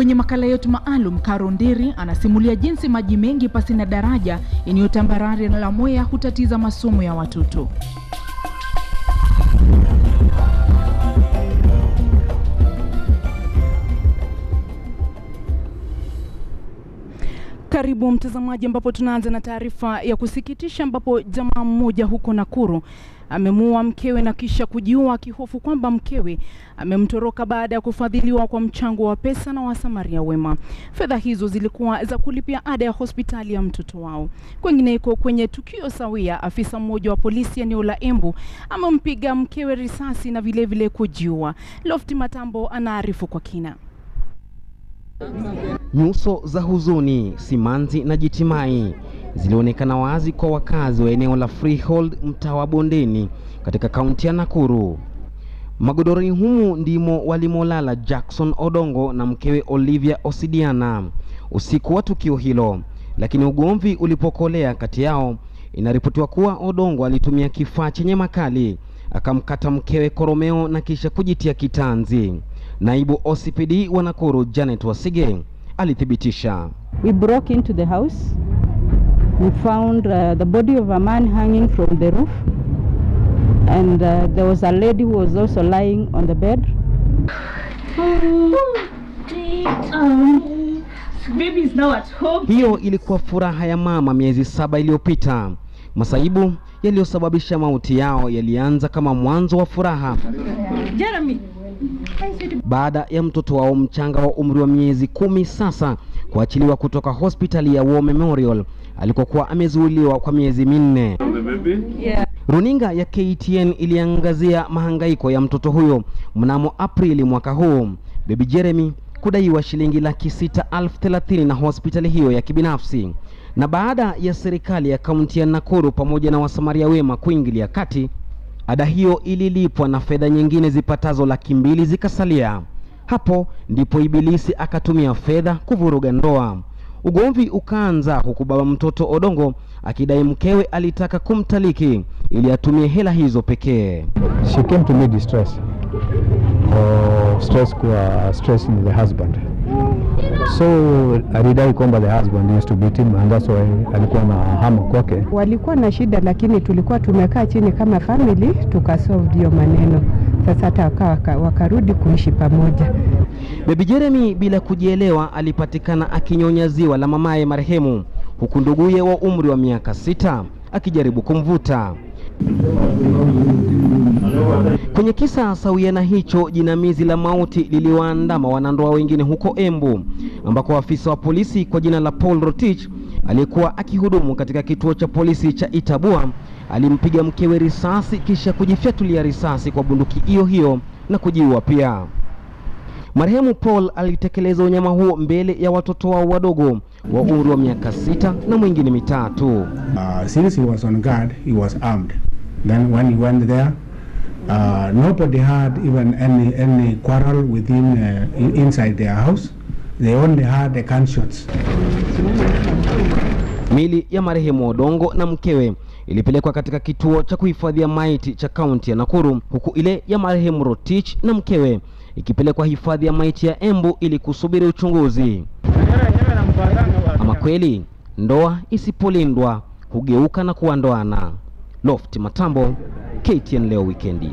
Kwenye makala yetu maalum, Caro Ndiri anasimulia jinsi maji mengi pasi na daraja eneo tambarare la Mwea hutatiza masomo ya watoto. Karibu mtazamaji, ambapo tunaanza na taarifa ya kusikitisha ambapo jamaa mmoja huko Nakuru amemuua mkewe na kisha kujiua akihofu kwamba mkewe amemtoroka baada ya kufadhiliwa kwa mchango wa pesa na wasamaria wema. Fedha hizo zilikuwa za kulipia ada ya hospitali ya mtoto wao. Kwengineko, kwenye tukio sawia, afisa mmoja wa polisi eneo la Embu amempiga mkewe risasi na vilevile kujiua. Lofti Matambo anaarifu kwa kina. Nyuso za huzuni, simanzi na jitimai zilionekana wazi kwa wakazi wa eneo la Freehold mtaa wa Bondeni katika kaunti ya Nakuru. Magodoroni humu ndimo walimolala Jackson Odongo na mkewe Olivia Osidiana usiku wa tukio hilo, lakini ugomvi ulipokolea kati yao, inaripotiwa kuwa Odongo alitumia kifaa chenye makali akamkata mkewe koromeo na kisha kujitia kitanzi. Naibu OCPD wa Nakuru Janet Wasige alithibitisha. We broke into the house. We found uh, the body of a man hanging from the roof. And uh, there was a lady who was also lying on the bed. Hiyo ilikuwa furaha ya mama miezi saba iliyopita. Masaibu yaliyosababisha mauti yao yalianza kama mwanzo wa furaha. Jeremy baada ya mtoto wao mchanga wa umri wa miezi kumi sasa kuachiliwa kutoka hospitali ya War Memorial alikokuwa amezuiliwa kwa miezi minne. Yeah. Runinga ya KTN iliangazia mahangaiko ya mtoto huyo mnamo Aprili mwaka huu, Baby Jeremy kudaiwa shilingi laki sita elfu thelathini na hospitali hiyo ya kibinafsi, na baada ya serikali ya kaunti ya Nakuru pamoja na wasamaria wema kuingilia kati Ada hiyo ililipwa na fedha nyingine zipatazo laki mbili zikasalia. Hapo ndipo Ibilisi akatumia fedha kuvuruga ndoa. Ugomvi ukaanza huku baba mtoto Odongo akidai mkewe alitaka kumtaliki ili atumie hela hizo pekee. She came to me distress. Oh, stress kwa stress in the husband. So alidai kwamba the husband used to beat him and that's why alikuwa na hama kwake. Walikuwa na shida, lakini tulikuwa tumekaa chini kama family tukasolve hiyo maneno. Sasa hata wakaka, wakarudi kuishi pamoja. Bibi Jeremy bila kujielewa alipatikana akinyonya ziwa la mamaye marehemu, huku nduguye wa umri wa miaka sita akijaribu kumvuta Kwenye kisa sawia na hicho, jinamizi la mauti liliwaandama wanandoa wengine huko Embu, ambako afisa wa polisi kwa jina la Paul Rotich aliyekuwa akihudumu katika kituo cha polisi cha Itabua alimpiga mkewe risasi kisha kujifyatulia risasi kwa bunduki hiyo hiyo na kujiua pia. Marehemu Paul alitekeleza unyama huo mbele ya watoto wao wadogo wa umri wa miaka sita na mwingine mitatu. Uh, Uh, nobody had even any any quarrel within uh, inside their house. They only had the gunshots. Mili ya marehemu Odongo na mkewe ilipelekwa katika kituo cha kuhifadhia maiti cha kaunti ya Nakuru, huku ile ya marehemu Rotich na mkewe ikipelekwa hifadhi ya maiti ya Embu ili kusubiri uchunguzi. Ama kweli ndoa isipolindwa hugeuka na kuandoana Lofti Matambo, KTN leo wikendi.